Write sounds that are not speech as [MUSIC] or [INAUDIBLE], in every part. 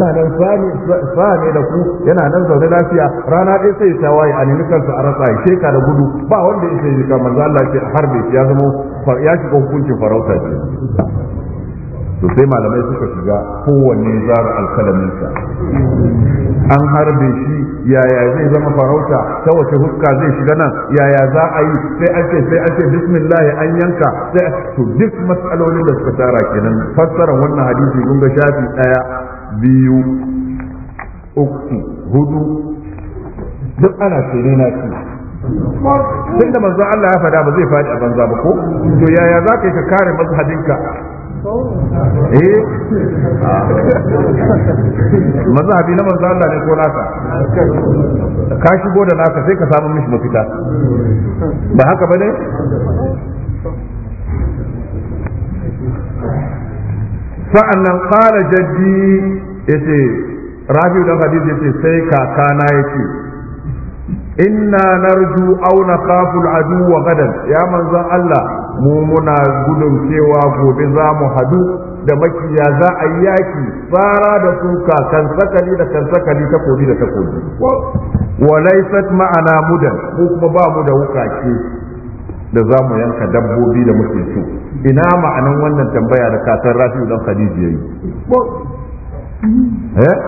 yana nan sani da ku yana nan zaune lafiya rana ɗaya sai ta waye a nemi kansa a rasa sheka da gudu ba wanda ya sai shika manzo Allah ke harbe ya zama ya shiga hukuncin farauta ce to sai malamai suka shiga kowanne zara sa. an harbe shi yaya zai zama farauta ta wace huska zai shiga nan yaya za a yi sai an sai an bismillah an yanka sai to duk matsalolin da suka tara kenan fassara wannan hadisi kun ga shafi daya biyu uku hudu duk ana tsere na shi tunda manzon Allah ya fada ba zai faɗi a banza ba ko to yaya za ka yi ka kare mazhabinka eh mazhabi na manzo Allah ne ko nasa ka shigo da naka sai ka samu mishi mafita ba haka bane sa'annan qala jaddi yace rabi'u dan hadisi yace sai kakana yace inna narju aw nakhafu al wa gadan ya manzon Allah mu muna gudun cewa gobe za mu hadu da makiya za a yi yaki tsara da suka kan sakali da kan sakali takobi da takobi wa laysat ma'ana mudan ko kuma ba mu da wukake da za mu yanka dabbobi da muke so ina ma'anan wannan tambaya da kasar rafi'u dan khadija eh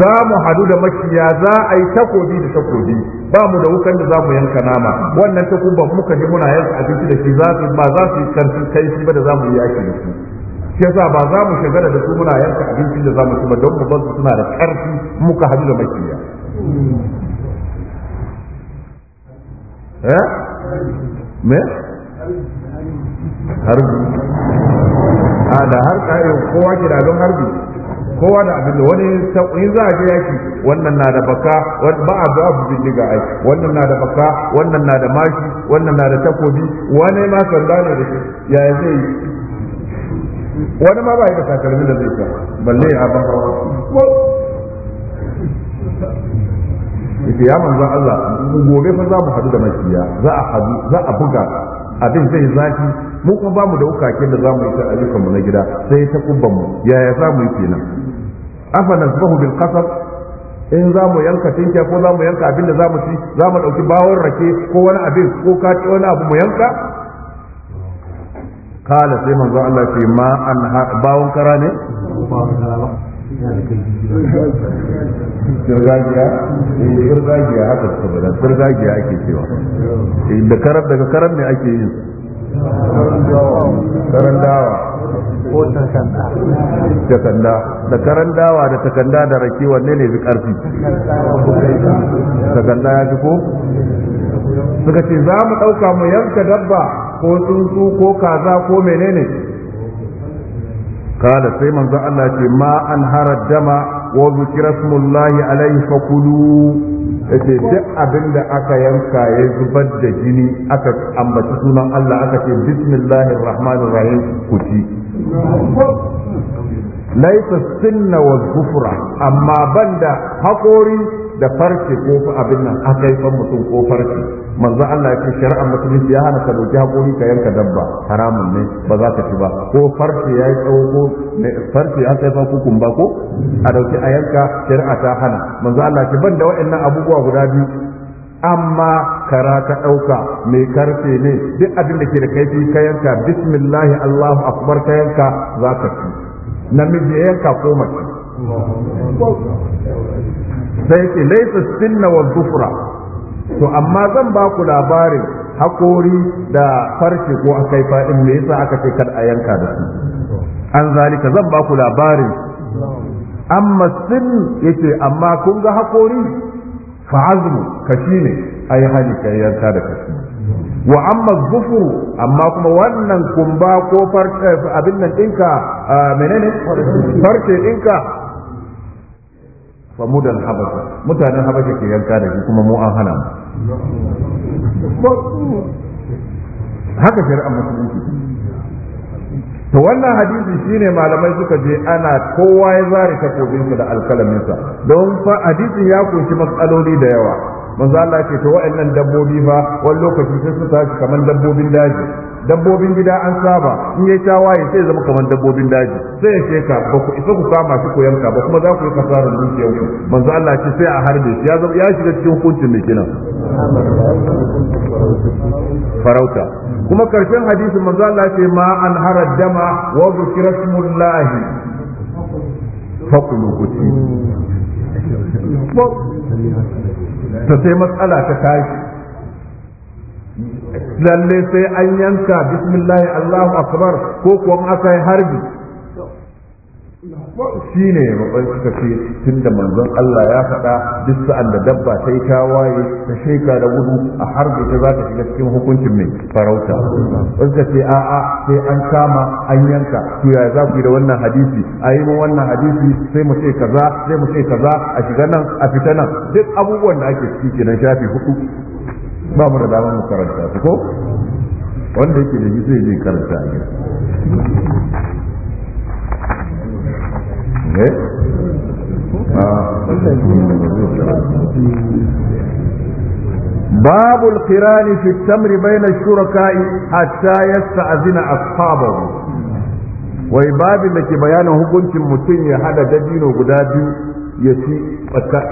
za mu hadu da makiya za a yi takobi da takobi ba mu da wukan da za mu yanka nama wannan takuban muka ji muna yanka abinci da shi za su ba za su yi karfi kai shi ba da za mu yi yaki da su shi yasa ba za mu shagara da su muna yanka abinci da za mu ci ba don mu su suna da karfi muka hadu da makiya eh? harbi a ah, da har kowa ke don harbi kowa da abin da wani sauƙi za a je yaki wannan na da baka ba a ba su bindiga ai wannan na da baka wannan na da mashi wannan na da takobi wani ma sanda ne da shi ya zai wani ma ba ya da takalmi da zai ta? balle ya ba ita ya manzan Allah gobe fa za mu hadu da makiya za a hadu za a buga abin zai zafi mu kuma ba mu da wukake da za mu yi ta ayyukanmu na gida sai ta kubban mu yaya za mu yi kenan afa nasbahu bil qasab in za mu yanka tinkiya ko za mu yanka abin da za mu ci za mu ɗauki bawon rake ko wani abin ko kaci wani abu mu yanka kala sai manzo Allah ce ma an bawon kara ne Turgagiya, turgagiya eh, haka suka bada, turgagiya ake cewa. Eh, da karar daga karar ne ake yin su. Karan dawa. Ko takanda da karan dawa da takanda da rake wanne ne fi karfi takanda ya fi ko suka ce za mu ɗauka mu yanka dabba ko tsuntsu ko kaza ko menene kala sai manzo Allah ce ma an hara dama wa zikra smullahi alaihi fakulu yace duk abin da aka yanka ya zubar da jini aka ambaci sunan Allah aka ce bismillahir rahmanir rahim ku ci laisa sinna wa kufra amma banda haƙori da farce ko abin nan a kaifan mutum ko farce manzo Allah ya ce shari'ar musulunci ya hana ka doki haƙori ka yanka dabba haramun ne ba za ka ci ba ko farce ya yi tsawo ko farce ya kaifa ko kumba ko a dauki a yanka shari'a ta hana manzo Allah ya ce banda waɗannan abubuwa guda biyu amma kara ka ɗauka mai karfe ne duk abin da ke da kaifi ka yanka bismillah allahu akbar ka yanka za ka ci namiji ya yanka ko mace sai ce laisa sinna wa zufra to amma zan ba ku labarin hakori da farce ko kai fadin me yasa aka ce kar a yanka da su an zalika zan ba ku labarin amma sin ce amma kun ga hakori fa azmu kashi ne ai hali kai yanka da kashi wa amma zufuru amma kuma wannan kumba ko eh, abin nan ɗinka eh, menene farce ɗinka mudan habasha mutanen habasha ke yanka da shi kuma mu an hana mu haka shari'ar musulunci to wannan hadisi shine malamai suka je ana kowa ya zare takobinsa da alkalaminsa don fa hadisin ya kunshi matsaloli da yawa manzo Allah waɗannan to wa'annan dabbobi fa wani lokaci sai su tashi kamar dabbobin daji dabbobin gida an saba in yayi tawaye sai zama kamar dabbobin daji sai ya sheka ba ku isa ku kama su koyan yanka ba kuma za ku yi kasarar dukiyar ku manzo Allah ce sai a harbe shi ya ya shiga cikin hukuncin ne kina farauta kuma karshen hadisin manzo Allah ce ma an hara dama wa zikra smullahi kuti ta sai matsala ta tashi lalle sai an yanka bismillah Allahu akbar ko kuwa aka yi harbi shi ne matsayin suka ce tun da manzon Allah ya faɗa duk sa'an da dabba ta yi tawaye ta sheka da gudu a harbe ta za ta shiga cikin hukuncin mai farauta suka ce a'a sai an kama an yanka to ya za ku yi da wannan hadisi a yi mu wannan hadisi sai mu ce kaza sai mu ce kaza a shiga nan a fita nan duk abubuwan da ake ciki kenan shafi hudu ba mu da damar mu karanta su ko wanda yake da shi zai je karanta a gida ne باب القران في التمر بين الشركاء حتى يستأذن أصحابه wai babin da ke bayanin hukuncin mutum ya haɗa dabino guda biyu ya ci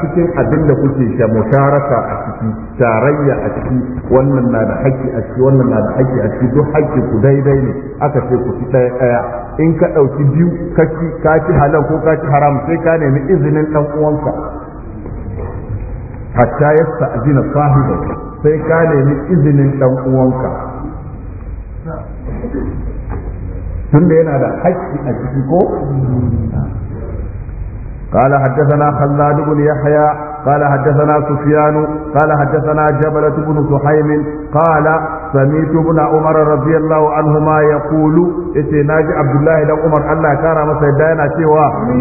cikin abin da kuke sha musharaka a ciki tarayya a ciki wannan na da haƙƙi a ciki wannan na da haƙƙi a ciki duk haƙƙi ku daidai ne aka ce ku ci ɗaya ɗaya in ka ɗauki biyu ka ci ka ci halal ko ka ci haram sai ka nemi izinin ɗan uwanka hatta ya sa'adina sahiba sai ka nemi izinin ɗan uwanka tunda yana da haƙƙi a ciki ko قال حدثنا خلاد بن يحيى قال حدثنا سفيان قال حدثنا جبلة بن سحيم قال سمعت ابن عمر رضي الله عنهما يقول اتناج عبد الله بن عمر الله كان مسيدانا سوى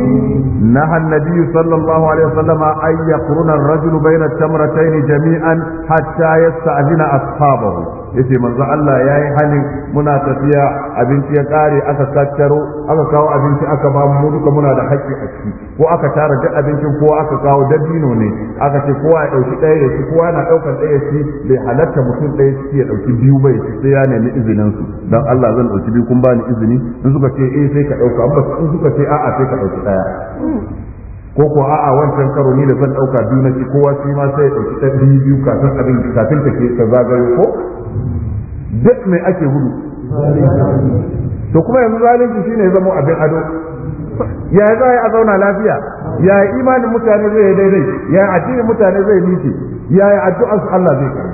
نهى النبي صلى الله عليه وسلم أن يقرن الرجل بين التمرتين جميعا حتى يستأذن أصحابه yace manzo Allah yayi halin muna tafiya abinci ya kare aka aka kawo abinci aka ba mu duka muna da haƙƙi a ciki ko aka tara duk abincin ko aka kawo dabino ne aka ce kowa ya dauki ɗaya ya ci kowa na daukar ɗaya ci bai halatta mutum ɗaya ciki ya dauki biyu bai ci sai ya nemi izinin su dan Allah zan dauki biyu kun bani izini in suka ce eh sai ka dauka amma in suka ce a'a sai ka dauki ɗaya ko ko a'a wancan karo ni da zan ɗauka biyu na ci kowa shi ma sai ya dauki ɗan biyu kafin abin kafin ta ke ta zagayo ko duk mai ake gudu to kuma yanzu zalunci shine ya zama abin ado ya za a zauna lafiya ya imanin mutane zai yi daidai ya addinin mutane zai nice ya addu'ar su Allah zai karba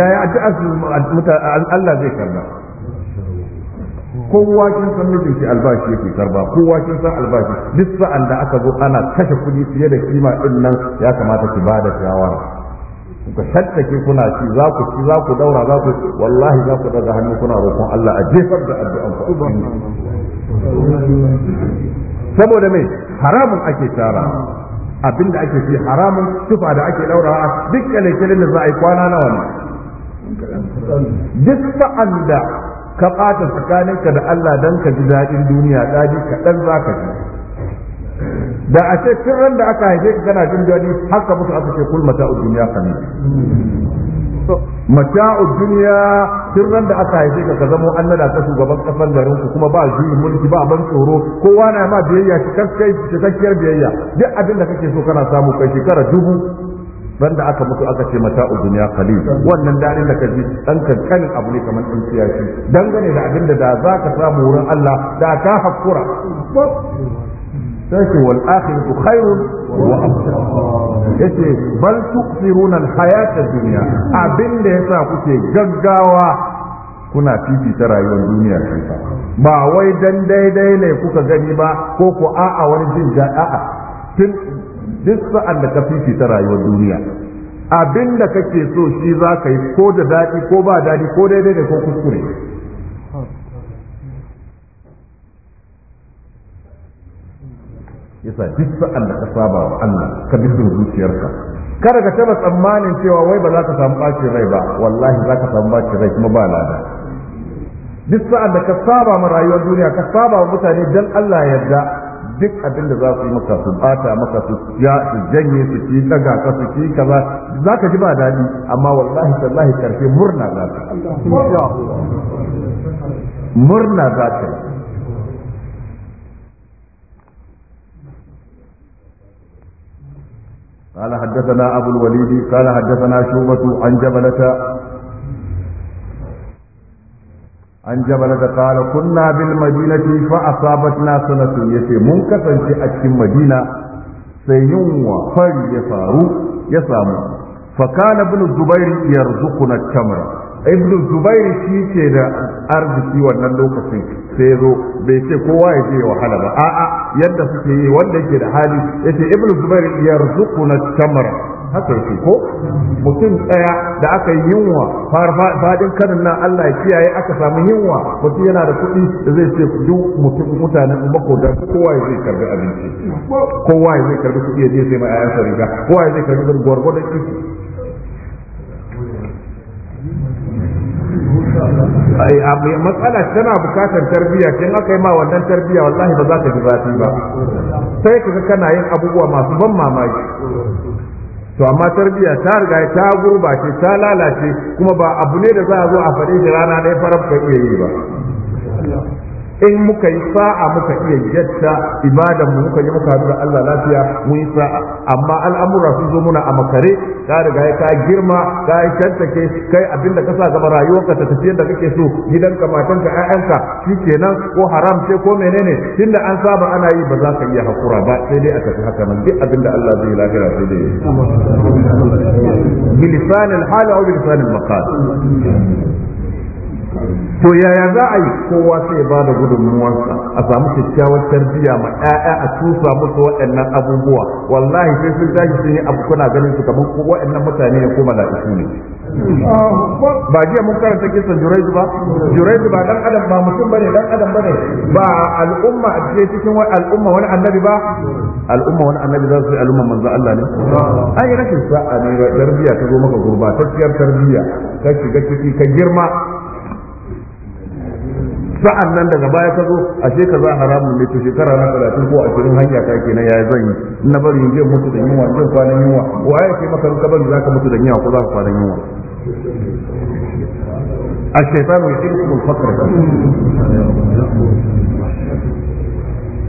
ya addu'ar su Allah zai karba kowa kin san mutum shi albashi yake karba kowa kin san albashi duk sa'an da aka zo ana kashe kuɗi fiye da kima din nan ya kamata ki bada shawara ku shaddake kuna ci za ku ci za ku daura za ku wallahi za ku daga hannu kuna roƙon Allah a jefar da addu'an ku saboda mai haramun ake tara abinda ake ci, haramun tufa da ake daura duk kale da za a yi kwana nawa ne duk sa'an da ka ɓata tsakaninka da Allah dan ka ji daɗin duniya dadi kaɗan za ka ji da a ce tun ran da aka haife ka kana jin daɗi haka musu aka ce kul mata'ud dunya qalil mata'ud dunya tun ran da aka haife ka ka zama nada ka shugaban kasar garin ku kuma ba juyin mulki ba ban tsoro kowa na ma biyayya shi cikakkiyar biyayya duk abin da kake so kana samu kai shekara dubu da aka mutu aka ce mata duniya qalil wannan dalilin da ka ji dan kankanin abu ne kamar dan siyasi dangane da abin da da za ka samu wurin Allah da ka hakura sai wal akhiratu khairun wa abqa yace bal tuqsiruna al hayata dunya abinda yasa kuke gaggawa kuna fifita rayuwar duniya ta ba wai dan daidai ne kuka gani ba ko ko a'a wani jin a'a duk sa'an da ka fifita rayuwar duniya abinda da kake so shi za ka yi ko da daɗi ko ba daɗi ko daidai ne ko kuskure yasa duk sa'an da ka saba wa Allah ka bi son zuciyarka kada ka taba tsammanin cewa wai ba za ka samu bacin rai ba wallahi za ka samu bacin rai kuma ba lada duk sa'an da ka saba ma rayuwar duniya ka saba wa mutane dan Allah yarda duk abin da za su yi maka su bata maka su ya su janye su ci daga ka su ci kaza za ka ji ba daɗi amma wallahi tallahi karfe murna za ka murna za ka yi قال حدثنا أبو الوليد قال حدثنا شعبة عن جبلة عن جبلة قال كنا بالمدينة فأصابتنا سنة يتي كفن في مدينة سينوى فري يصارو يصامو فكان ابن الزبير يرزقنا التمر ibn zubair shi ke da arziki wannan lokacin sai zo bai ce kowa ya je wahala ba a'a yadda suke yi wanda yake da hali yace ibn zubair na tamar haka yake ko mutum daya da aka yi yunwa fadin kanin nan Allah ya kiyaye aka samu yunwa mutum yana da kuɗi da zai ce duk mutum mutanen da kowa ya zai karbi abinci kowa ya zai karbi kuɗi ya je sai mai ayansa riga kowa ya zai karbi gwargwadon ciki matsala tana bukatar tarbiyya kin aka yi ma wannan tarbiyya wallahi ba za ka ji zafi ba sai kaga kana yin abubuwa masu ban mamaki to amma tarbiyya ta riga ta gurbace ta lalace kuma ba abu ne da za a zo a faɗi shi rana ɗaya faraf ka iya yi ba in muka yi sa'a muka iya yadda ibadan mu muka yi muka da Allah lafiya mu yi sa'a amma al'amura sun zo muna a makare ka riga ka girma ka yi tantake kai abinda ka sa gaba rayuwarka ta tafi da kake so gidanka matanka ƴaƴanka kenan ko haram ce ko menene tunda an saba ana yi ba za ka iya hakura ba sai dai a tafi haka nan duk abinda Allah zai lafiya sai dai bilisanil hal aw bilisanil maqal to yaya za a yi kowa sai ba da gudunmuwansa a samu kyakkyawar tarbiyya ma ɗaya a tusa musu waɗannan abubuwa wallahi sai sun tashi sun yi abu kuna ganin su kamar waɗannan mutane ne ko mala'iku ne ba jiya mun karanta kisan juraidu ba juraidu ba dan adam ba mutum bane dan adam bane ba al'umma a cikin cikin al'umma wani annabi ba al'umma wani annabi za su yi al'umma manzo Allah ne ai rashin sa'a ne tarbiyya ta zo maka gurbatacciyar tarbiyya ka shiga ciki ka girma sa'an nan daga baya ka zo a kaza haramun ne to shekara na talatin ko ashirin hanya ta kenan ya zan yi na bari yin je mutu da yunwa zan kwana yunwa wa ya ke maka ka bari ka mutu da yunwa ko za ka fara yunwa الشيطان يعيدكم الفقر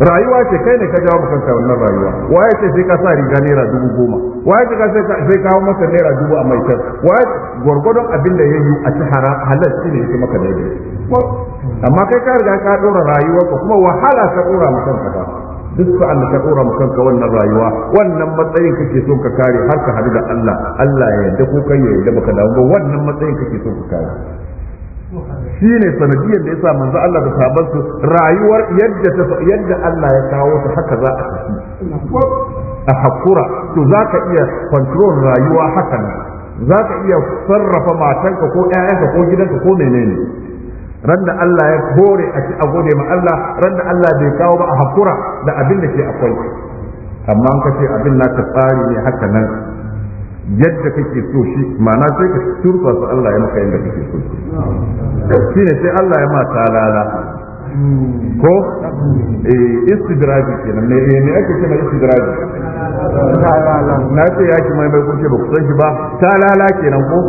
rayuwa ce kai ne ka jawo kanka wannan rayuwa waye ce sai ka sa riga naira dubu goma waye ce sai ka hau masa naira dubu a mai kyau waye gwargwadon abin da ya yi a ci halal shi ne yake maka daidai amma kai ka riga ka dora rayuwa ka kuma wahala ka dora ma kanka duk su allah ka dora ma kanka wannan rayuwa wannan matsayin kake so ka kare har ka hadu da Allah Allah ya yarda ko kai ya yarda baka damu ba wannan matsayin kake so ka kare shi ne sanadiyar da yasa manzo Allah da sabansu rayuwar yadda ta yadda Allah ya kawo ta haka za a tafi a hakura to zaka iya control rayuwa haka ne zaka iya sarrafa matanka ko ƴaƴanka ko gidanka ko menene ran da Allah ya kore a ci a gode ma Allah ran da Allah bai kawo ba a hakura da abin da ke akwai amma an kace abin naka tsari ne haka nan yadda kake so shi ma'ana sai ka turfa su Allah ya maka yadda kake so shi ne sai Allah ya mata lala ko eh, istidraji kenan me eh, me ake cewa istidraji na ce ya ki mai mai kuke ba ku san shi ba ta lala kenan ko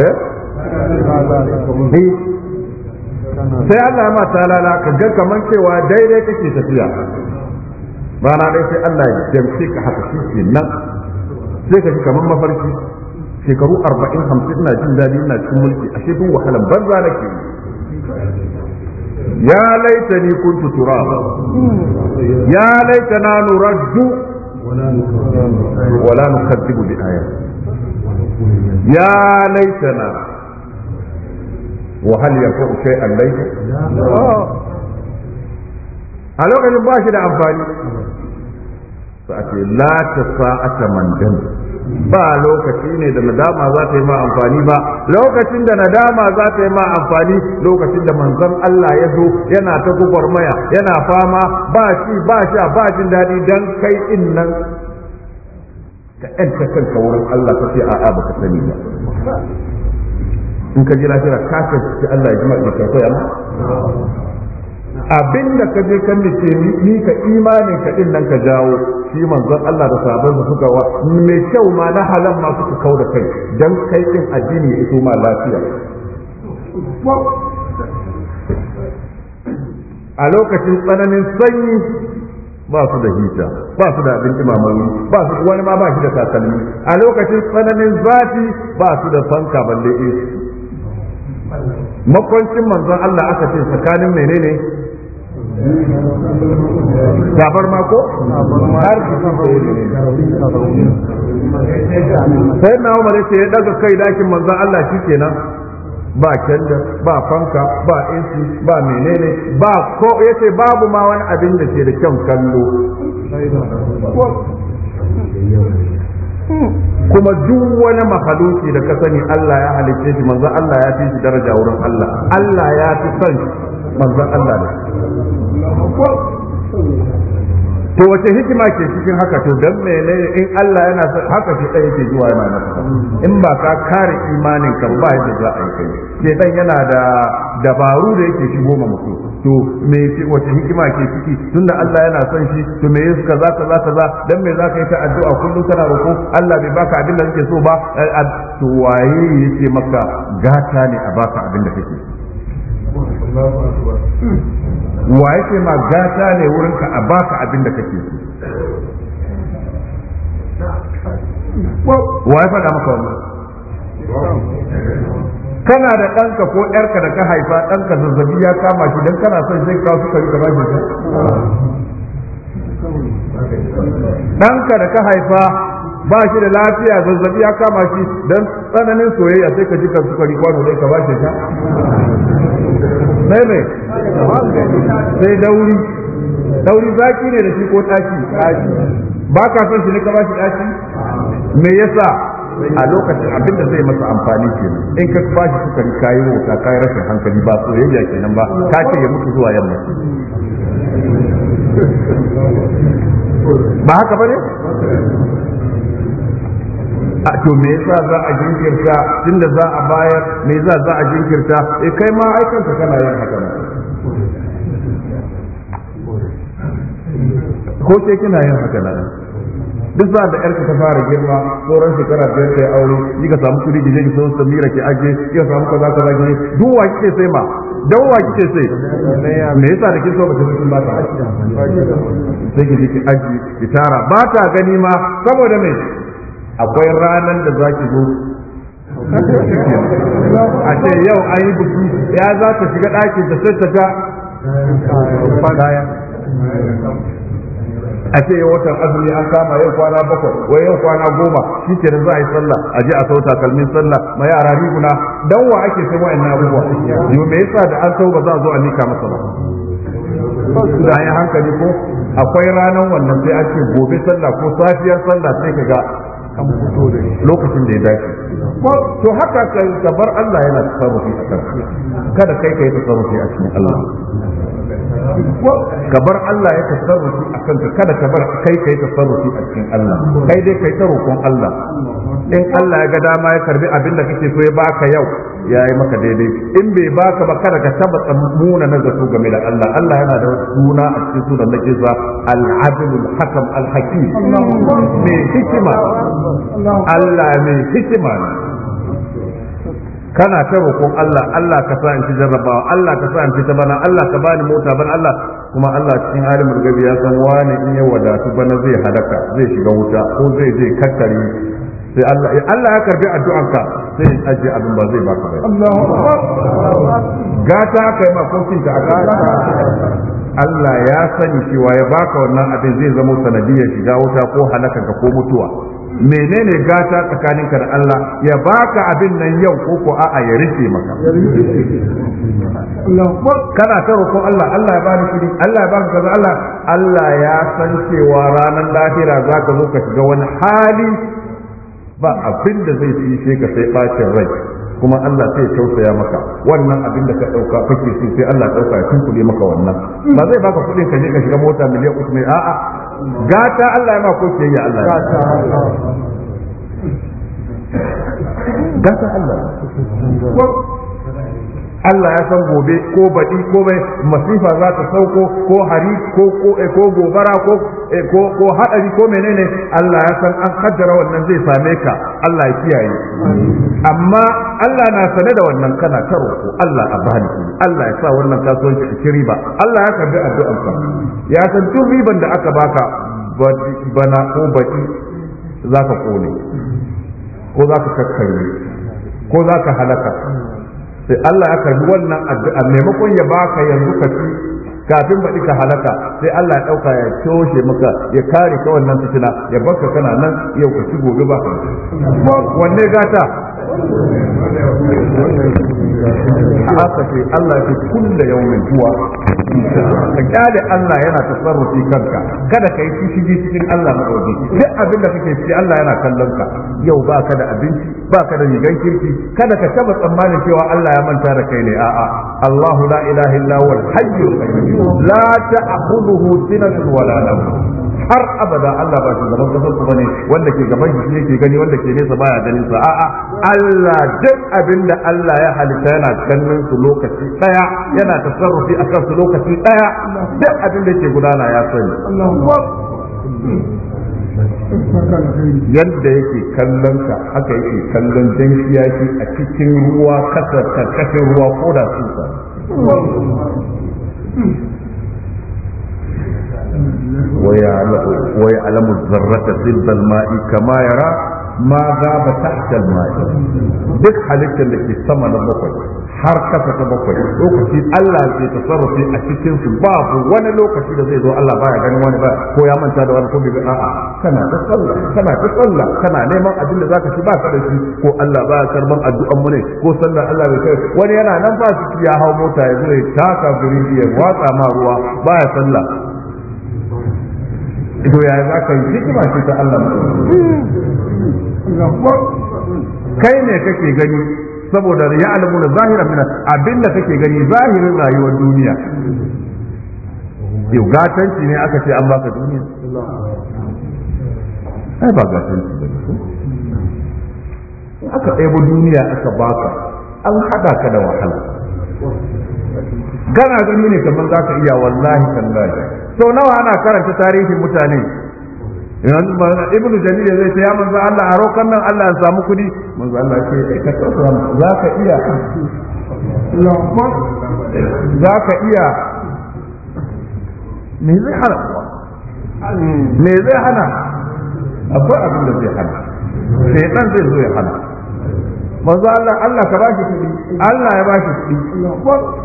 eh sai Allah ma ta lala ka ga kaman cewa daidai kake tafiya na dai sai Allah ya jamce ka haka shi nan sai ka ji kamar mafarki shekaru arba'in hamsin ina jin daɗi ina cikin mulki a tun wahalan banza nake ya laita ni kun tutura. ya laita na nuraddu wala nukadzibu bi aya ya wahal ya hal yafu an laita oh. a lokacin ba shi da amfani sa'ati la mandan ba lokaci ne da nadama za ta yi ma amfani ba lokacin da nadama za ta yi ma amfani lokacin da manzon Allah ya zo yana ta gubar maya yana fama ba shi ba sha ba jin daɗi dan kai in nan ka ƴanta kanka wurin Allah ka ce a'a baka sani ba in ka ji lafiya ka ce Allah ya ji ka koya abinda ka je kan dace ni ni ka imanin ka din nan ka jawo shi manzon Allah da sahabbansa suka wa mai kyau ma na halan ma suka kau da kai dan kai din addini ya fito ma lafiya a lokacin tsananin sanyi ba su da hita ba su da abin imamawi ba su wani ma ba shi da takalmi a lokacin tsananin zafi ba su da fanka balle makwancin manzon Allah aka ce tsakanin menene Gabar mako? Har sai na umar yace ya daga kai dakin manzan Allah shi kenan ba kyanda ba fanka ba AC ba menene ba ko yace babu ma wani abin da ke da kyan kallo kuma duk wani mahaluki da ka sani Allah ya halicce shi manzan Allah ya fi shi daraja wurin Allah Allah ya fi son manzon Allah ne to wace hikima ke cikin haka to dan ne in Allah yana son haka shi ɗaya ke zuwa yana nan. in ba ka kare imanin ka ba yadda za a yi kai ke dan yana da dabaru da yake shigo ma mutum to me wace hikima ke ciki tunda Allah yana son shi to me yasa kaza kaza kaza dan me za ka yi ta addu'a kullum kana roƙo Allah bai baka abin da kake so ba eh, to waye yake maka gata ne a baka abin da kake so wa yake ma gata ne wurinka a baka abin da kake so wa ya faɗa maka wannan kana da ɗanka ko ƴarka da ka haifa ɗanka zazzabi ya kama shi don kana son zai kawo sukari ga bashi ka ɗanka da ka haifa ba shi da lafiya zazzabi ya kama shi don tsananin soyayya sai ka ji ka sukari kwano dai ka bashi ka sai sai dauri dauri zaki ne da shi ko ɗaki ba ka son shi ne ka ba shi me yasa a lokacin abin da zai masa amfani ke in ka ba shi sukari kayi wuta kayi rashin hankali ba soyayya kenan ba ka ce ya mutu zuwa yamma ba haka ba a to me yasa za a jinkirta tunda za a bayar me yasa za a jinkirta eh kai ma ka kana yin haka ko ce kina yin haka na, duk za da yarka ta fara girma ko ran shekara biyar ta aure yi ka samu kudi gije ki sau samira ki aje ki ka samu kaza kaza gije duk wa kike sai ma dan wa kike sai me yasa da kin so ba kin ba ta sai ki ki aje ki tara ba ta gani ma saboda me akwai ranar da za ki zo a ce yau an yi buki ya za ta shiga ɗakin da sai ta ga a ce yau watan azumi an kama yau kwana bakwai wai yau kwana goma shi ke za a yi sallah a je a sauta takalmin sallah ma yara riguna dan wa ake sai na abubuwa yau me yasa da an sau ba za a zo a nika masa ba da ya hankali ko akwai ranar wannan sai ake gobe sallah ko safiyar sallah sai ka ga an fito da lokacin da ya dace to haka ka bar Allah yana tasarrufi a kanka kada kai kai tasarrufi a cikin Allah ka bar Allah ya tasarrufi a kanka kada ka bar kai kai tasarrufi a cikin Allah kai dai kai ta roƙon Allah in Allah ya ga dama ya karbi abin da kake so ya baka yau ya yi maka daidai in bai baka ba kada ka taba tsammuna na zato game da Allah Allah yana da suna a cikin sunan na kisa al-adilul hakam al-hakim mai hikima Allah mai hikima ne kana ta roƙon Allah Allah ka sa in ci jarrabawa Allah ka sa in ci ta bana Allah ka bani mota bana Allah kuma Allah cikin halin murgabi ya san wani in ya wadatu bana zai halaka zai shiga wuta ko zai zai kakkari sai Allah eh, Allah ya karbi addu'anka sai in aje abin ba zai baka ba Allahu akbar gata kai ma kokin ta aka Allah ya sani cewa ya baka wannan abin zai zama sanadiyar shiga wuta ko halaka ka ko mutuwa menene gata tsakaninka da Allah ya baka abin nan yau ko ko a'a ya rufe maka kana ta roƙon Allah Allah ya bani kudi Allah ya baka kaza Allah Allah ya san cewa ranar lahira za ka zo ka shiga wani hali ba abin da zai fi ka sai bacin rai kuma Allah sai tausaya maka wannan abin da ka dauka kake so sai Allah dauka ya kunkule maka wannan ba zai baka kudin ka je ka shiga mota miliyan uku ne? a'a gata Allah ya ma ko kiyayya Allah gata Allah Allah ya san gobe ko baɗi ko bai masifa za ta sauko ko hari ko ko eh, gobara ko eh, ko ko hadari ko menene Allah ya san an kaddara wannan zai same ka Allah ya kiyaye amma Allah na sane da wannan kana karo ko Allah a bani Allah ya sa wannan kasuwanci ki riba Allah ya karbi addu'ar ka ya san duk riban da aka baka bana ko baɗi za ka kone ko za ka kakkare ko za ka halaka sai Allah ya karbi wannan addu'a maimakon ya baka yanzu ka ci kafin baɗi ka halaka sai Allah ya ɗauka ya toshe maka ya kare ka wannan fitina ya baka kana nan yau ka ci gobe ba wanne gata haka ce Allah ya kulla yawmin huwa ka kyale Allah yana tasarrufi kanka kada ka yi shishigi cikin Allah maɗauki duk abin da kake ciki Allah yana kallon ka yau ba ka da abinci ba ka da rigan kirki kada ka taba tsammanin cewa Allah ya manta da kai ne a'a Allahu la ilaha illa huwal hayyul qayyum la ta'khudhuhu sinatun wala nawm har abada Allah ba shi gaban kasar ku bane wanda ke gaban shi ne ke gani wanda ke nesa baya ganin sa a'a Allah duk abin Allah ya halitta yana ganin su lokaci daya yana tasarrufi akan su lokaci daya duk abinda da ke gudana ya sani yadda yake kallon ka haka yake kallon jan shi a cikin ruwa kasa karkashin ruwa ko da tsufa ويعلم الذرة ضد الماء كما يرى ما غاب تحت الماء duk halittar da ke sama na bakwai har kasa ta bakwai lokaci Allah ke tasarrufi a cikin su babu wani lokaci da zai zo Allah baya ganin wani ko ya manta da wani ko bai a'a kana ta sallah kana ta sallah kana neman abin da zaka ci ba ka da shi ko Allah ba karban addu'an ne ko sallah Allah bai kai wani yana nan su ya hau mota ya zo ya taka guri biyar watsa ma ruwa baya sallah to ya za ka yi hikima ce ta Allah kai ne kake gani saboda ya alamu na zahiran mina abin da kake gani zahirin rayuwar duniya yau gatanci ne aka ce an baka duniya ai ba gatanci ba ne aka ɗebo duniya aka baka an haɗa ka da wahala gana gani ne kamar za ka iya wallahi tallahi so nawa ana karanta tarihin mutane ibnu jalil zai ce ya manzo Allah a rokan nan Allah ya samu kudi manzo Allah ce ka za ka iya za ka iya me zai hana me zai hana akwai abin da zai hana dan zai zo ya hana manzo Allah Allah ka bashi kuɗi Allah ya bashi kuɗi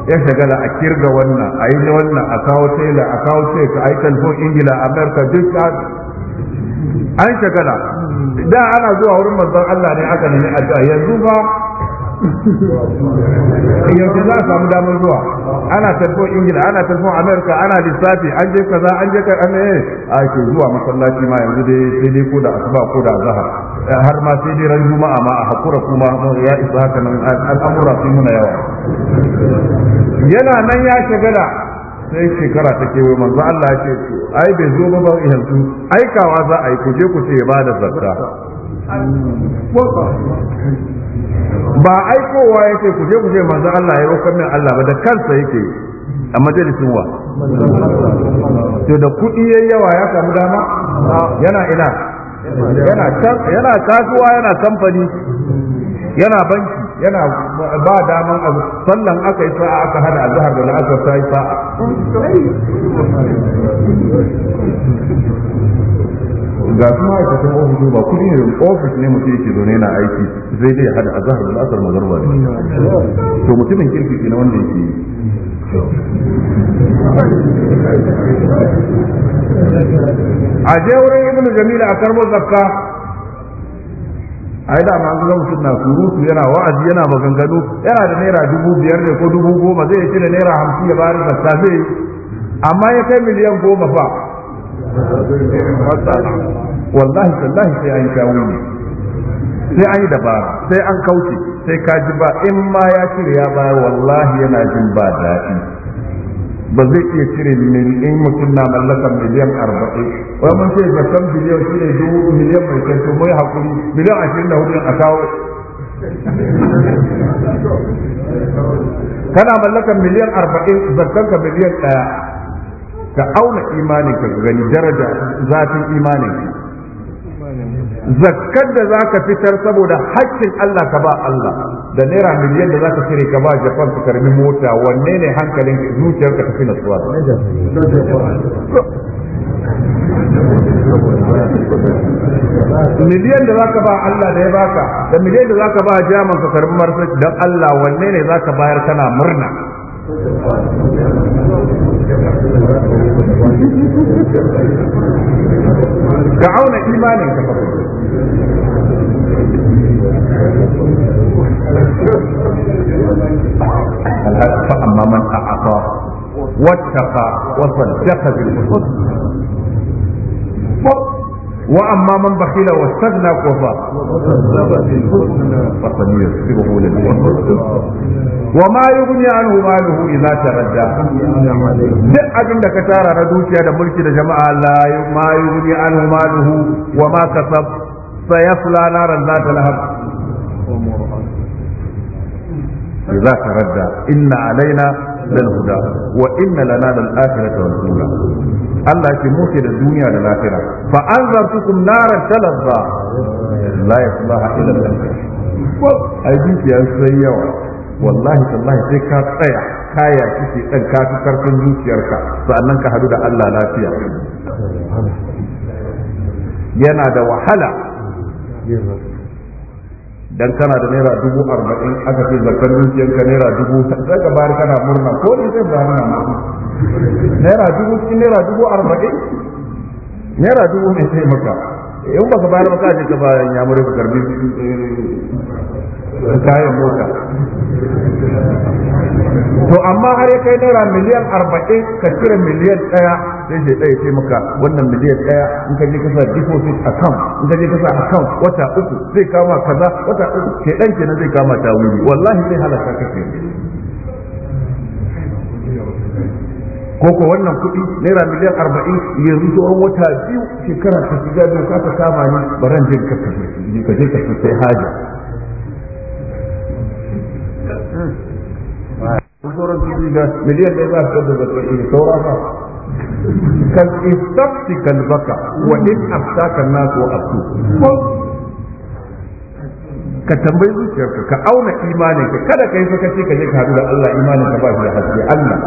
ya shagala a kirga wannan a yi wannan a kawo tela a kawo ce ka yi telefon ingila a amerika duk an shagala da ana zuwa wurin manzon Allah ne aka nemi addu'a yanzu ba yaushe za a samu damar zuwa ana telefon ingila ana telefon amerika ana lissafi an je kaza an je an ne a ke zuwa masallaci ma yanzu dai sai dai ko da asuba ko da zaha har ma sai dai ran juma'a ma a hakura kuma ya isa haka nan al'amura sun muna yawa yana nan ya shagala sai shekara ta kewaye manzo Allah ya ce ai bai zo ba ba yanzu aikawa za a yi ku je ku ce ba da zakka ba aikowa ya ce kuje kuje manzon Allah ya roƙa min Allah ba da kansa yake a majalisin wa to da kuɗi yayi yawa ya samu dama yana ina yana yana kasuwa yana kamfani yana banki yana ba daman abu sannan aka yi sa'a aka hada azhar da aka sai sa'a ga ma'aikatan ofis ba kudi ne ofis ne mutum yake zaune yana aiki zai dai hada a zahar al'asar mazar ba to mutumin kirki ke na wanda yake yi a je wurin ibn jamila a karbo zakka yi da ma'azin zama su na surutu yana wa'azi yana maganganu yana da naira dubu biyar ne ko dubu goma zai ci da naira hamsin ya bayar zakka zai amma ya kai miliyan goma fa wallahi sallahi sai an ne, sai an yi dabara sai an kauce sai ka ji ba in ma ya cire ya baya wallahi yana jin ba daɗi ba zai iya cire in mutum na mallakar miliyan arba'in wai mun ce zaton biliyan shi ne dubu miliyan mai kai to mai hakuri miliyan ashirin da hudu a kawo kana mallakar miliyan arba'in zaton miliyan ɗaya ka auna imaninka ka gani daraja zafin imaninka zakkar da za ka fitar saboda haƙƙin Allah ka ba Allah da naira miliyan da za ka cire ka ba Japan ka karbi mota wanne ne hankalin zuciyar ka tafi nasuwa miliyan da zaka ba Allah da ya baka da miliyan da zaka ba jaman ka karbi marsaci dan Allah wanne ne zaka bayar kana murna دعونا auna فأما من أعطى واتقى وصدق بالحسنى واما من بخيل واستغنى فهو وما يغني عنه ماله اذا تردى duk abin da ka tara na dukiya da mulki da jama'a la ma yughni anhu maluhu wa ma kasab sayasla naran zata lahab idza taradda inna alaina lal huda wa inna lana lal akhirata wal ula Allah ke muke da duniya da lafira fa anzartukum naran talazza la yaslaha illa al ai dukiya sai yawa wallahi tallahi sai ka tsaya kaya kike dan ka fi karfin zuciyarka sannan ka hadu da Allah lafiya yana da wahala dan kana da naira dubu arba'in aka ce zakar ka naira dubu sai ka bayar kana murna ko ni zai bayar na murna naira dubu cikin naira dubu arba'in naira dubu ne sai maka in baka bayar ba ka ce ka ba ya mure ka karbi eh, kayan mota to amma har ya kai naira miliyan arba'in ka cire miliyan ɗaya sai sai ɗaya ce maka wannan miliyan ɗaya in ka je ka sa deposit account in ka je ka sa account wata uku zai kama kaza wata uku ke ɗan kenan zai kama ta wuri wallahi zai halaka ka ke ko ko wannan kuɗi naira miliyan arba'in yanzu sauran wata biyu shekara ta shiga biyu ka ta kama ni baran jin ka ka je ka sai haja sauran kuɗi da miliyan ɗaya ba su da zaɓa ne sauran ba kan istafti kalbaka wa in afsaka nasu asu ka tambayi zuciyarka ka auna imaninka kada ka yi sakaci ka je ka haɗu da Allah imaninka ba shi da haske Allah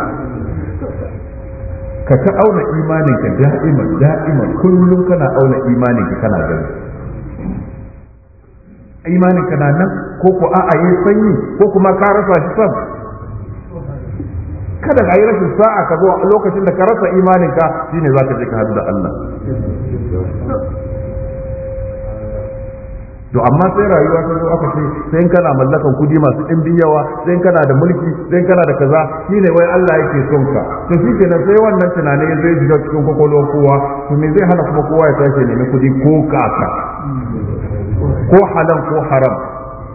ka ta auna imanin ka da'iman da'iman kullum kana auna imanin ka kana gani imanin ka na nan ko ko a'a yayi sanyi ko kuma ka rasa shi sam kada ka yi rashin sa'a ka zo lokacin da ka rasa imanin ka shine zaka je ka hadu da Allah to amma sai rayuwa ta zo aka ce sai kana mallakan kudi masu ɗin yawa sai kana da mulki sai kana da kaza shi ne wai Allah yake son ka to shi kenan sai wannan tunanin ya zai shiga cikin kwakwalwa kowa to me zai hana kuma kowa ya tashi nemi kudi ko kaka ko halal ko haram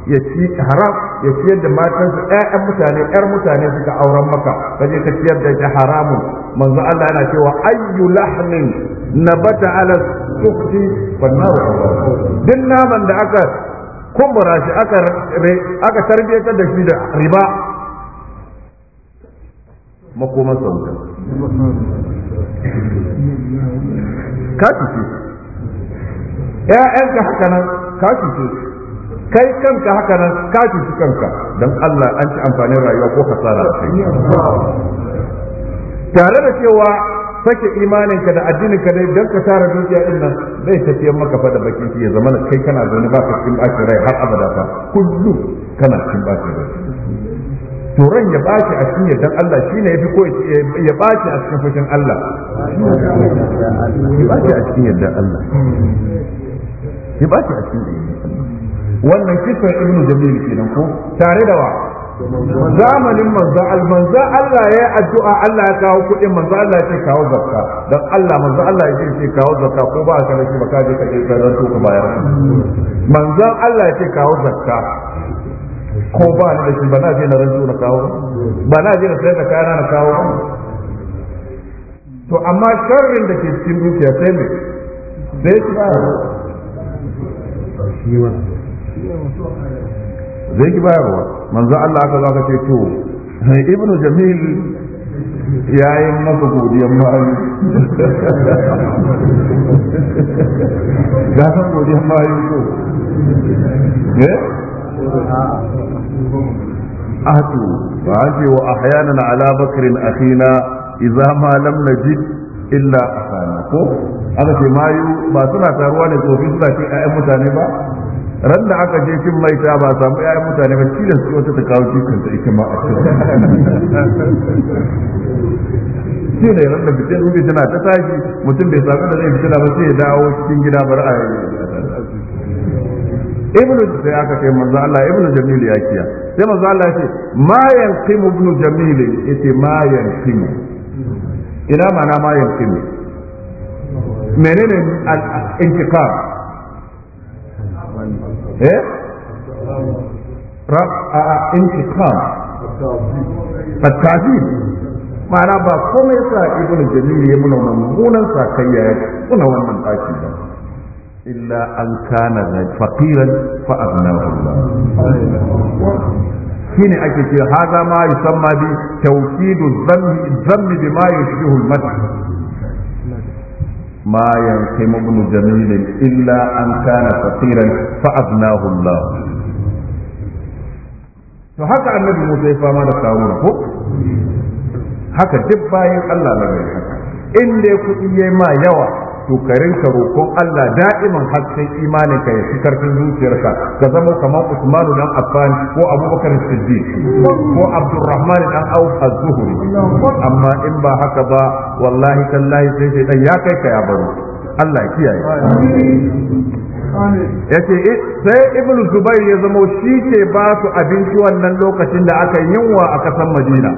ya ci haram ya ciyar da matansa ƴaƴan mutane ƴar mutane suka auren maka ka je ka ciyar da haramun manzo Allah yana cewa ayyu lahmin nabata ala تخفي والنار دين naman da aka kumbura shi aka tarbiyyar da shi da riba makoman sauka ka ce ‘ya'yanka haka nan ka ce kai kanka haka nan ka cuce kanka don Allah an ci amfanin rayuwa ko kasara tare da cewa sake imaninka da addininka dai don ka tara dukiya din nan zai tafiyar maka fa da bakin ya zama kai kana zaune ba ka cikin bacin rai har abada fa kullum kana cikin bacin rai to ran ya baci a cikin yardan Allah shine yafi ko ya baci a cikin fushin Allah ya baci a cikin yardan Allah ya baci a cikin wannan kisan ibnu jamil kenan ko tare da wa zamanin manzo almanzo Allah ya yi addu'a Allah ya kawo kuɗin manzo Allah ya ce kawo zakka dan Allah manzo Allah ya ce kawo zakka ko ba ka rashi baka je ka je zaran to ka bayar manzo Allah ya ce kawo zakka ko ba ni da shi ba na je na rantsu na kawo ba na je na sayar da kayana na kawo to amma sharrin da ke cikin dukiya sai me sai shi zai ki bayarwa manzo Allah aka zo aka ce to ibnu jamil [LAUGHS] ya yi masa godiyar mali ga san godiyar mali ko eh ahtu wa wa ahyana ala bakrin akhina idza ma lam najid illa ahana ko aka ce mayu ba suna taruwa ne tsofi suna ce 'ya'yan mutane ba ran da aka je cin mai ta ba samu yayin mutane ba da su wata ta kawo cikin ta ita ma a shi ne ran da bitin rubi tana ta tashi mutum bai samu da zai fitina ba sai ya dawo cikin gida bar a ibnu sai aka kai manzo Allah ibnu jamil ya kiya sai manzo Allah ce ma yanqimu ibnu jamil yace ma yanqimu ina mana ma yanqimu menene al-intiqam eh ra'a ma'ana ba komai sa ibnu jamil ya muna mummunan sakayya ya kuna wannan daki ba illa an kana faqiran fa aghnahu Allah shine ake ce haza ma yusamma bi tawkidu dhanbi dhanbi ma yushbihu al-madh ما ينقم ابن جميل إلا أن كان فقيرا فأبناه الله فهكا النبي موسى فما نتاونا فوق هكا دب باين الله لغير هكا إن دي كتية ما يوى to ka roƙon Allah da'iman har imaninka ya fi karfin zuciyarka ka zama kamar Usmanu dan Affan ko Abubakar Siddiq ko Abdurrahman dan Auf az-Zuhri amma in ba haka ba wallahi tallahi sai sai dan ya kai ka ya baro Allah ya kiyaye ce eh, sai Ibn Zubair ya zama shi ke ba su abinci wannan lokacin da aka yunwa a kasan Madina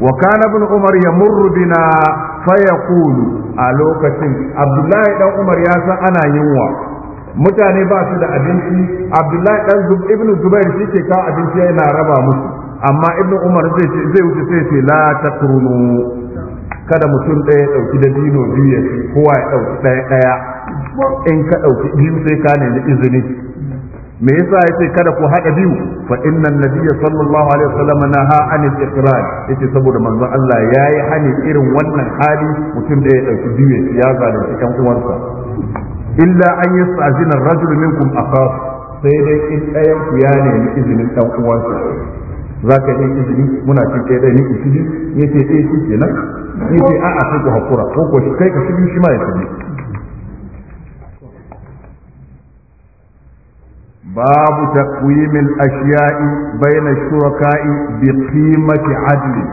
وكان ابن عمر يمر بنا فيقول ألوكتين عبد الله بن عمر ياسا أنا ينوى mutane ba su da abinci abdullahi dan ibnu zubair shi ke kawo abinci yana raba musu amma ibnu umar zai ce zai wuce sai ce la takrunu kada mutum ɗaya ɗauki da dino biyu ya kowa ya ɗauki ɗaya ɗaya in ka ɗauki biyu sai ka nemi izini me yasa yace kada ku hada biyu fa inna nabiyya sallallahu alaihi wasallam naha anil iqrar yace saboda manzon Allah yayi hani irin wannan hali mutum da ya dauki biyu ya siyasa da cikin uwansa illa an yasta'zina ar-rajul minkum akhar sai dai in ɗayan ku ya nemi izinin dan uwansa za ka yi izini muna cin ɗaya dai, ni izini yace sai eh, shi kenan yace a'a sai ku hakura ko ko kai ka shigi shi ma ya shigi Babu باب تقويم الأشياء بين الشركاء بقيمة عدل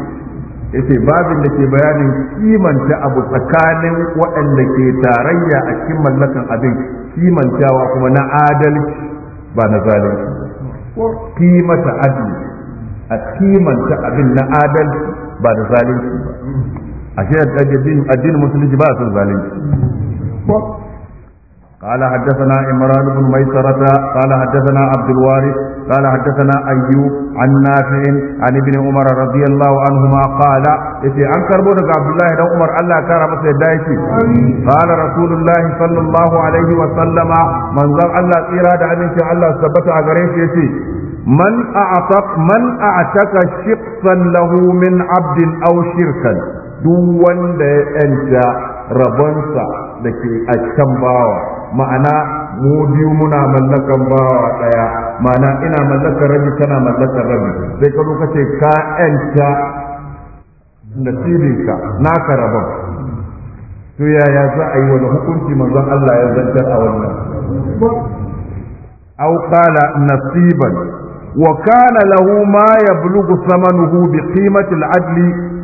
yace babin da ke bayanin kimanta abu tsakanin waɗanda ke tarayya a cikin mallakan abin kimantawa kuma na adalci ba na zalunci kimata adli a kimanta abin na adalci ba da zalunci ba a shi addinin musulunci ba a son zalunci قال حدثنا إمران بن ميسرة قال حدثنا عبد الوارث قال حدثنا أيوب عن نافع عن ابن عمر رضي الله عنهما قال إذا أنكر بودك عبد الله بن عمر ألا كان مسجد قال رسول الله صلى الله عليه وسلم من ظل الله إرادة أن إن شاء الله ثبت أغريش من أعتق من أعتق شقصا له من عبد أو شركا دون أنت ربنسا لكي أشكم باوة ma'ana mu biyu muna mallakan bawa daya ma'ana ina mallakar rabi kana mallakar rabi sai ka zo kace ka yanta nasibinka naka rabon to yaya za a yi wani hukunci manzon Allah ya zantar a wannan أو قال نصيبا وكان له ما يبلغ ثمنه بقيمة العدل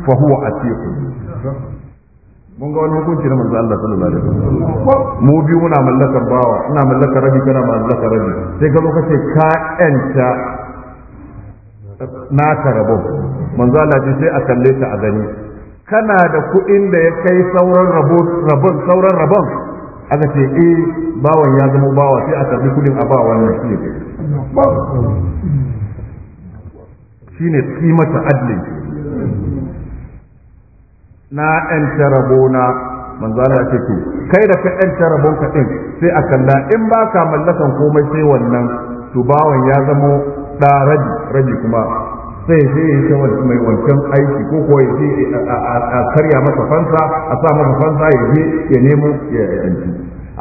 فهو أتيق mun ga wani hukunci na manzo Allah sallallahu alaihi wasallam mu biyu muna mallakar bawa ina mallakar rabi kana mallakar rabi sai ga lokaci ka enta na rabo manzo Allah ji sai a kalle ta a gani kana da kuɗin da ya kai sauran rabon sauran rabon aka ce eh bawan ya zama bawa sai a karbi kuɗin a bawa wannan shi ne Shi shine kimata adalci na ɗanta rabona na, Allah ce to kai da ka ɗan rabon ka ɗin sai a kalla in ba ka mallakan komai sai wannan to bawan ya zamo ɗa rabi rabi kuma sai sai ya ce mai wancan aiki ko ko ya a karya masa fansa a sa masa fansa ya ya nemo ya ɗanci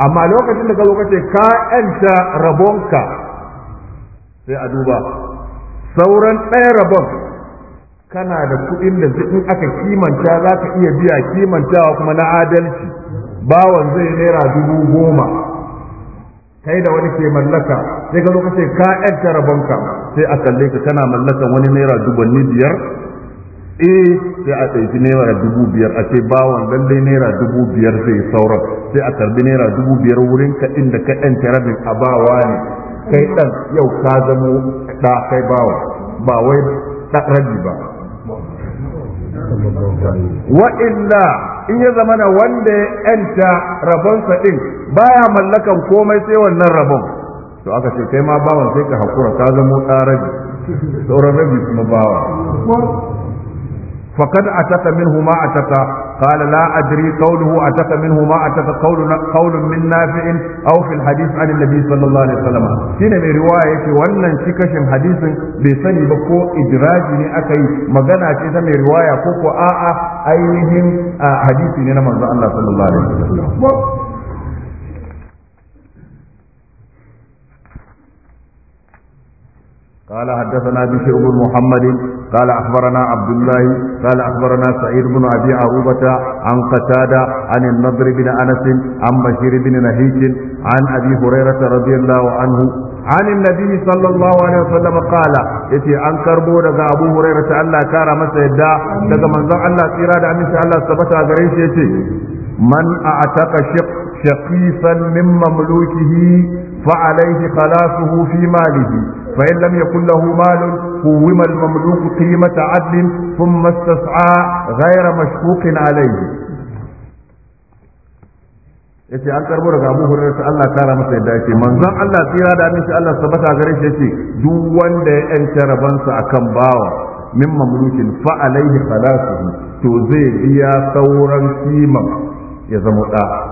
amma lokacin da ka zo ce ka ɗanta rabonka sai a duba sauran ɗaya rabon kana da kuɗin da zai in aka kimanta za ka iya biya kimantawa kuma na adalci bawan zai naira dubu goma kai da wani ke mallaka sai ka lokacin ka ce ka rabonka sai a kalle ka kana mallakan wani naira dubanni biyar eh sai a ɗauki naira dubu biyar a ce bawan lallai naira dubu biyar zai sauran sai a karbi naira dubu biyar wurin ka inda ka ƴanta rabin a bawa ne kai ɗan yau ka zamo ɗa kai bawa ba wai ɗan rabi ba wa illa in ya zamana wanda ya yanta rabonsa din baya mallakan komai sai wannan rabon to aka ce kai ma bawan sai ka hakura ka zamo ɗan rabi [LAUGHS] sauran rabi kuma bawa فقد أتك منه ما أتك قال لا أدري قوله أتك منه ما أتك قول قول من نافع أو في الحديث عن النبي صلى الله عليه وسلم هنا من رواية وأن شكش حديث بسني بكو إدراجني أكي مغانا شيء من رواية كوكو آآ أيهم حديث لنا الله صلى الله عليه وسلم قال حدثنا بشير بن محمد قال أخبرنا عبد الله قال أخبرنا سعيد بن أبي عروبة عن قتادة عن النضر بن أنس عن بشير بن نهيج عن أبي هريرة رضي الله عنه عن النبي صلى الله عليه وسلم قال يتي عن كربو دغا ابو هريره الله كارا مسا يدا دغا منزon Allah tsira da aminci Allah tabbata gare shi yace man a'taqa shiq shaqifan min mamlukihi fa alayhi khalafuhu fi malihi fa in lam yakul lahu malun قوم المملوك قيمة عدل ثم استسعى غير مشكوك عليه yace an karbo daga Abu Hurairah sai Allah kara masa yadda yake manzon Allah tsira da annabi Allah tabbata gare shi yace duk wanda ya yanta rabansa akan bawa min mamlukin fa alaihi khalasuhu to zai biya sauran sima ya zama da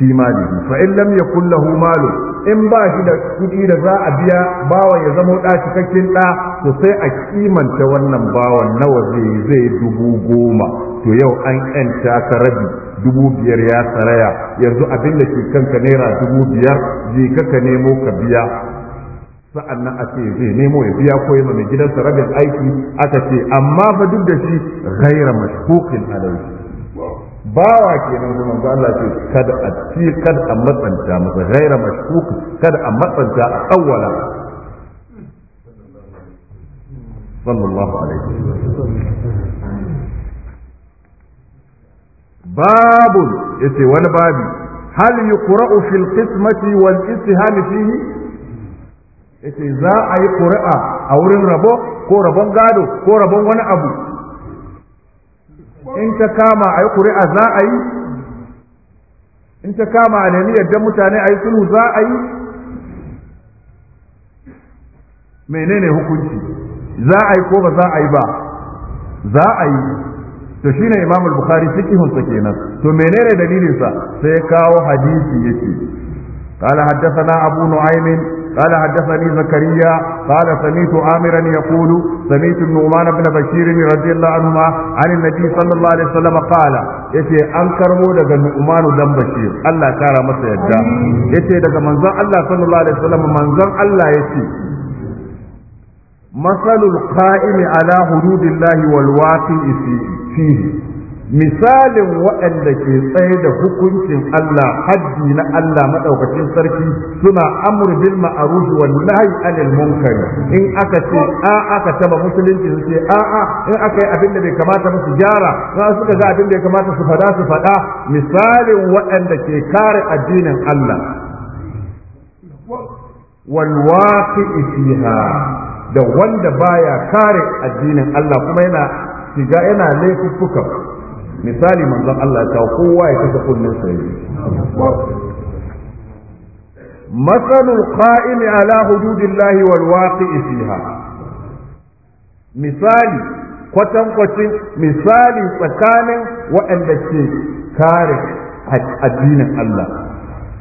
fi malihi fa in lam yakul lahu malu in ba shi da kuɗi da za a biya bawa ya zama da cikakken da to sai a kimanta wannan bawan nawa zai zai dubu goma to yau an yanta ka dubu biyar ya saraya yanzu abin da ke kanka naira dubu biyar je ka ka nemo ka biya sa'annan a ce zai nemo ya biya ko mai gidansa rabin aiki aka ce amma fa duk da shi ghaira mashkukin alaihi bawa kenan da manzo Allah ce kada a ci kada a matsanta masa ghaira mashkuk kada a matsanta a tsawwala sallallahu alaihi wasallam babu yace wani babi hal yuqra'u fil qismati wal istiham fihi yace za a yi qura'a a wurin rabo ko rabon gado ko rabon wani abu in ta kama a yi ƙuri'a za a yi in ta kama a nemi yadda mutane a yi sulhu za a yi menene hukunci za a yi ko ba za a yi ba za a yi to shine imam al-bukhari fiqhunsa kenan to menene dalilin sa sai kawo hadisi yake قال حدثنا أبو نعيم قال حدثني زكريا قال سمعت عامرا يقول سمعت النعمان بن بشير رضي الله عنهما عن النبي صلى الله عليه وسلم قال yace an karbo daga Nu'man dan Bashir Allah kara masa yadda yace daga manzon Allah sallallahu alaihi wasallam manzon Allah yace masalul qa'imi ala hududillahi wal waqi'i fihi misalin waɗanda ke tsaye da hukuncin Allah haddi na Allah maɗaukacin sarki suna amur bil ma'ruf wal nahyi anil munkar in aka ce a aka taba musulunci su ce a a in aka yi abin da bai kamata ba su gyara za su ga abin da ya kamata su fada su fada misalin waɗanda ke kare addinin Allah wal waqi'i fiha da wanda baya kare addinin Allah kuma yana shiga yana laifuffuka misali manzon Allah ta kowa ya kasa kunnin sa masalul qa'imi ala hududillahi wal waqi'i fiha misali kwatankwacin misali tsakanin waɗanda ke kare addinin Allah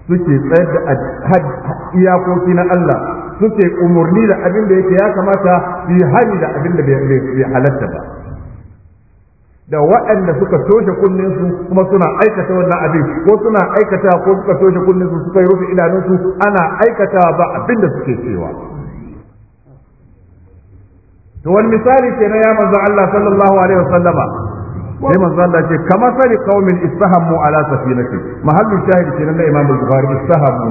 suke tsayar da iyakoki na Allah suke umarni da abin da ya kamata su yi hari da abin da bai halatta ba da waɗanda suka toshe kunninsu kuma suna aikata wannan abin ko suna aikata ko suka toshe kunninsu suka rufe idanunsu ana aikata ba abin da suke cewa to wani misali ke na ya manzo Allah sallallahu alaihi wasallama sai manzo Allah ce kama sani qaumin istahammu ala safinati mahallu shahid kenan na Imam Bukhari istahammu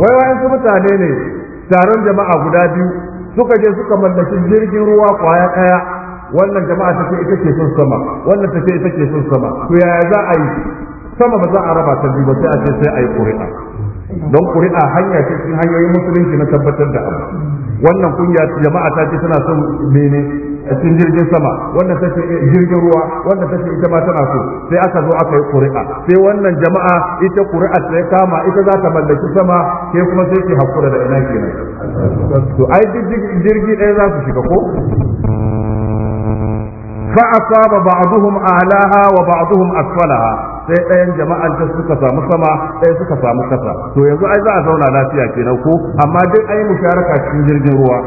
wai wai su mutane ne taron jama'a guda biyu suka je suka mallaki jirgin ruwa kwaya ɗaya. wannan jama'a ta ce ita ke son sama wannan ta ce ita ke son sama to yaya za a yi sama ba za a raba ta biyu ba sai a ce sai a yi ƙuri'a don ƙuri'a hanya ce cikin hanyoyin musulunci na tabbatar da abu wannan kungiya jama'a ta ce tana son mene cikin jirgin sama wanda ta ce eh, jirgin ruwa wanda ta ce ita ma tana so sai aka zo aka yi ƙuri'a sai wannan jama'a ita ƙuri'a ta kama ita za ta mallaki sama ke kuma sai ke hakura da ina kenan to ai jirgi ɗaya za su shiga ko saba asaba a alaha wa ba'dhum asfalaha sai ɗayan jama'an ta suka samu sama ɗaya suka samu kasa to yanzu ai za a zauna lafiya kenan ko amma duk ai musharaka cikin jirgin ruwa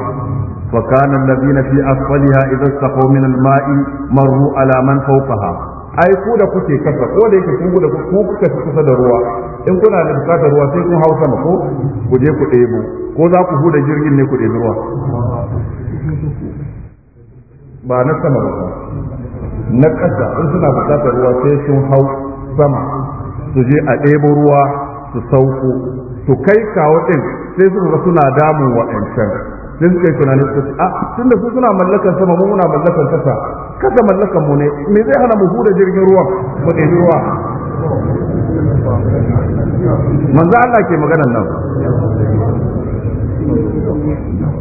وكان الذين fi أسفلها إذا استقوا من الماء مروا على من ai ku da kuke kasa ko da yake ku da ku kuka kusa da ruwa in kuna da bukatar ruwa sai kun hau sama ko ku je ku ɗebo ko za ku huda jirgin ne ku ɗebi ruwa ba na sama ba na ƙasa in suna buƙatar ruwa sai sun hau sama su je a ɗebo ruwa su sauko su kai kawo ɗin sai su ga suna damun wa'ancan sai suka tunanin su a ah, tun da su suna mallakar sama mu muna mallakar ƙasa kasa mallakar mu ne me zai hana mu hura jirgin ruwa mu ɗebi ruwa manzo Allah ke maganar nan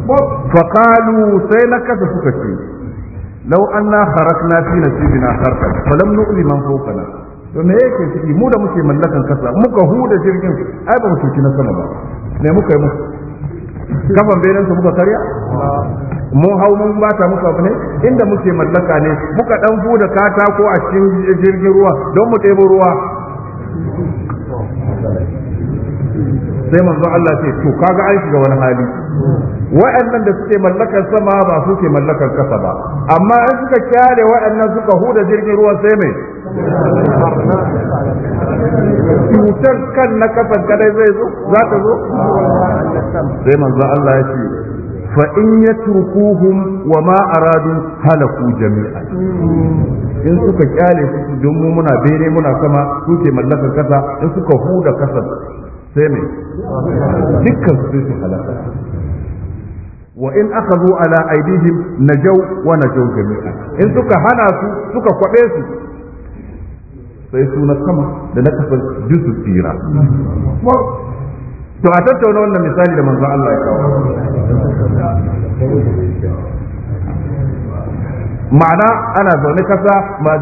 faƙalu sai na kasa suka ce law anna kharaqna fi nasibina kharqan falam nu'li man fawqana to me yake ciki mu da muke mallakan kasa muka huda jirgin ai ba mu ci na sama ba me muka yi mu kafan benen su muka karya mu hau mun bata muka abu ne inda muke mallaka ne muka dan da katako a cikin jirgin ruwa don mu ɗebo ruwa sai manzo Allah ce to kaga an shiga wani hali wa'annan da suke mallakar sama ba su ke mallakar kasa ba amma in suka kyale wa'annan suka huda jirgin ruwan sai mai cutar kan na kasan kadai zai zo za ta zo sai manzo Allah ya ce fa in yatrukuhum wa ma aradu halaku jami'an in suka kyale su don mu muna bere muna sama suke mallakar kasa in suka huda kasar sai mai dukkan su su halaka wa in aka zo ala aidihim jau wa najau jami'a in suka hana su suka kwabe su sai su na sama da na kafa jusu tsira to a tattauna wannan misali da manzo Allah ya kawo ma'ana ana zaune kasa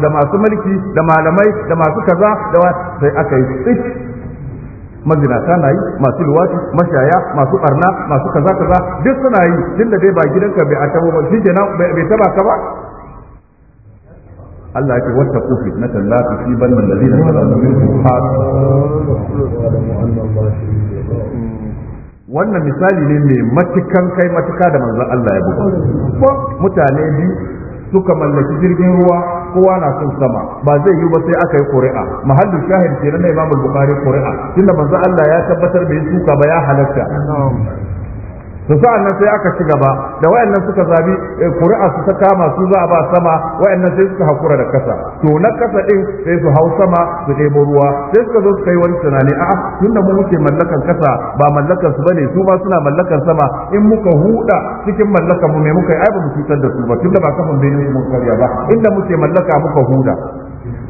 da masu mulki da malamai da masu kaza da sai aka yi mazinata na yi masu luwaci mashaya masu barna masu kaza kaza duk suna yi tunda dai ba gidanka bai atabo ba shi kenan bai taba ka ba Allah ya ce wata ku fitnatan la tusiban alladhina zalamu wannan misali ne mai matukan kai matuka da manzan Allah ya buga mutane biyu suka mallaki jirgin ruwa kowa na son sama ba zai yi ba sai aka yi ƙuri'a mahallu shahid kenan na imamul bukhari ƙuri'a tunda manzo Allah ya tabbatar bai suka ba ya halatta to sa'an nan sai aka ci gaba da wayannan suka zabi kuri'a eh, su ta kama su za a ba sama wayannan sai suka hakura da kasa to na kasa din sai su hau sama su ɗebo ruwa sai suka zo su kai wani tunani a'a tunda mu muke mallakan kasa ba mallakan su bane su ma suna mallakan sama in muka huda cikin mallakan mu me muka yi ai ba mu cutar da su ba tun da ba kafan bene mun karya ba inda muke mallaka muka huda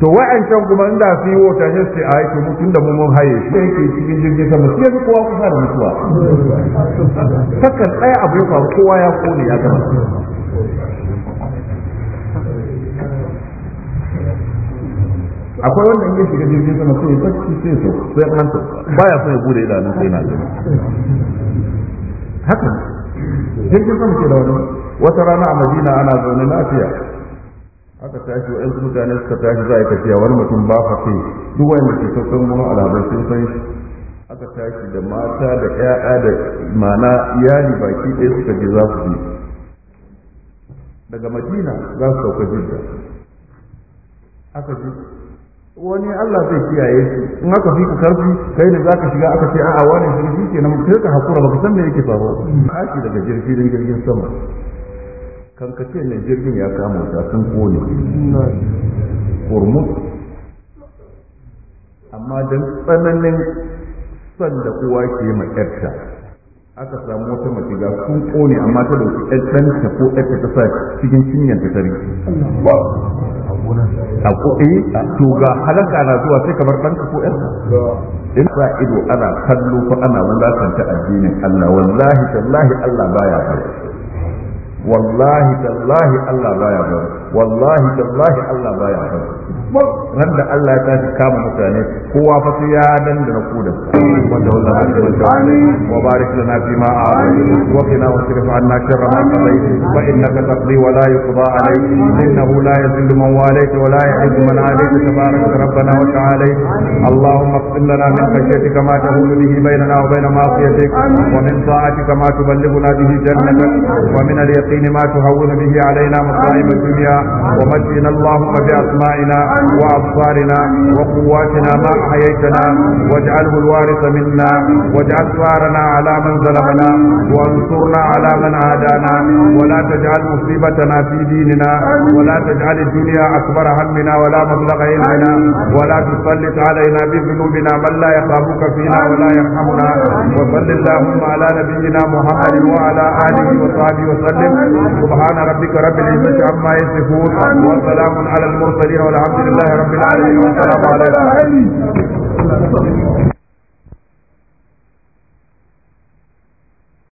to wa'ancan kuma inda su yi wata ne su a yake mutum da mun haye shi yake cikin jirgin sama shi yanzu kowa kusa da mutuwa sakan ɗaya abu ya faru kowa ya kone ya gama akwai wanda in shiga jirgin sama sai ya ci sai so sai an baya so ya bude idanun sai na gani haka jirgin sama ke da wani wata rana a madina ana zaune lafiya aka tashi su mutane suka tashi za a yi tafiya wani mutum ba fa kai duk wanda ke saukan mu alhabai sun san shi aka tashi da mata da ƴaƴa da mana iyali baki ɗaya suka je za su bi daga madina za su sauka jidda aka ji wani Allah zai kiyaye shi in aka fi ku karfi kai ne ka shiga aka ce a'a wani jirgi kenan kai ka hakura ku san me yake faruwa tashi daga jirgin jirgin sama kan ka jirgin ya kama ta sun kone hormuz amma don tsananin son da kowa ke ma aka samu wata matiga sun kone amma ta dauki ɗanta ko ɗanta ta sa cikin cinyar ta tare a kuɗi eh, to ga halaka na zuwa sai kamar ɗanka ko ɗanka in sa ido ana kallo ko ana wulakanta addinin Allah wallahi tallahi Allah baya faru. wallahi tallahi Allah baya bari wallahi tallahi Allah baya son ran da Allah ya tashi kama mutane kowa fa sai ya dandana ku da wanda wallahi ba shi wa barik lana fi ma a'ani wa qina wa sirif anna sharra ma qadayt fa innaka taqdi wa la yuqda alayk innahu la yadhillu man walayt wa la yu'izzu man adayt tabarak rabbana wa ta'ala اللهم اغفر لنا من خشيتك ما تهون به بيننا وبين معصيتك ومن طاعتك ما تبلغنا به جنتك ومن اليقين ما تهون به علينا مصائب الدنيا ومجدنا اللهم بأسمائنا وأبصارنا وقواتنا ما أحييتنا واجعله الوارث منا واجعل ثارنا على من ظلمنا وانصرنا على من عادانا ولا تجعل مصيبتنا في ديننا ولا تجعل الدنيا أكبر همنا ولا مبلغ علمنا ولا تسلط علينا بذنوبنا من لا يخافك فينا ولا يرحمنا وصل اللهم على نبينا محمد وعلى آله وصحبه وسلم سبحان ربك رب العزة عما يصفون مرفوعا وسلام على المرسلين والحمد لله رب العالمين والسلام عليكم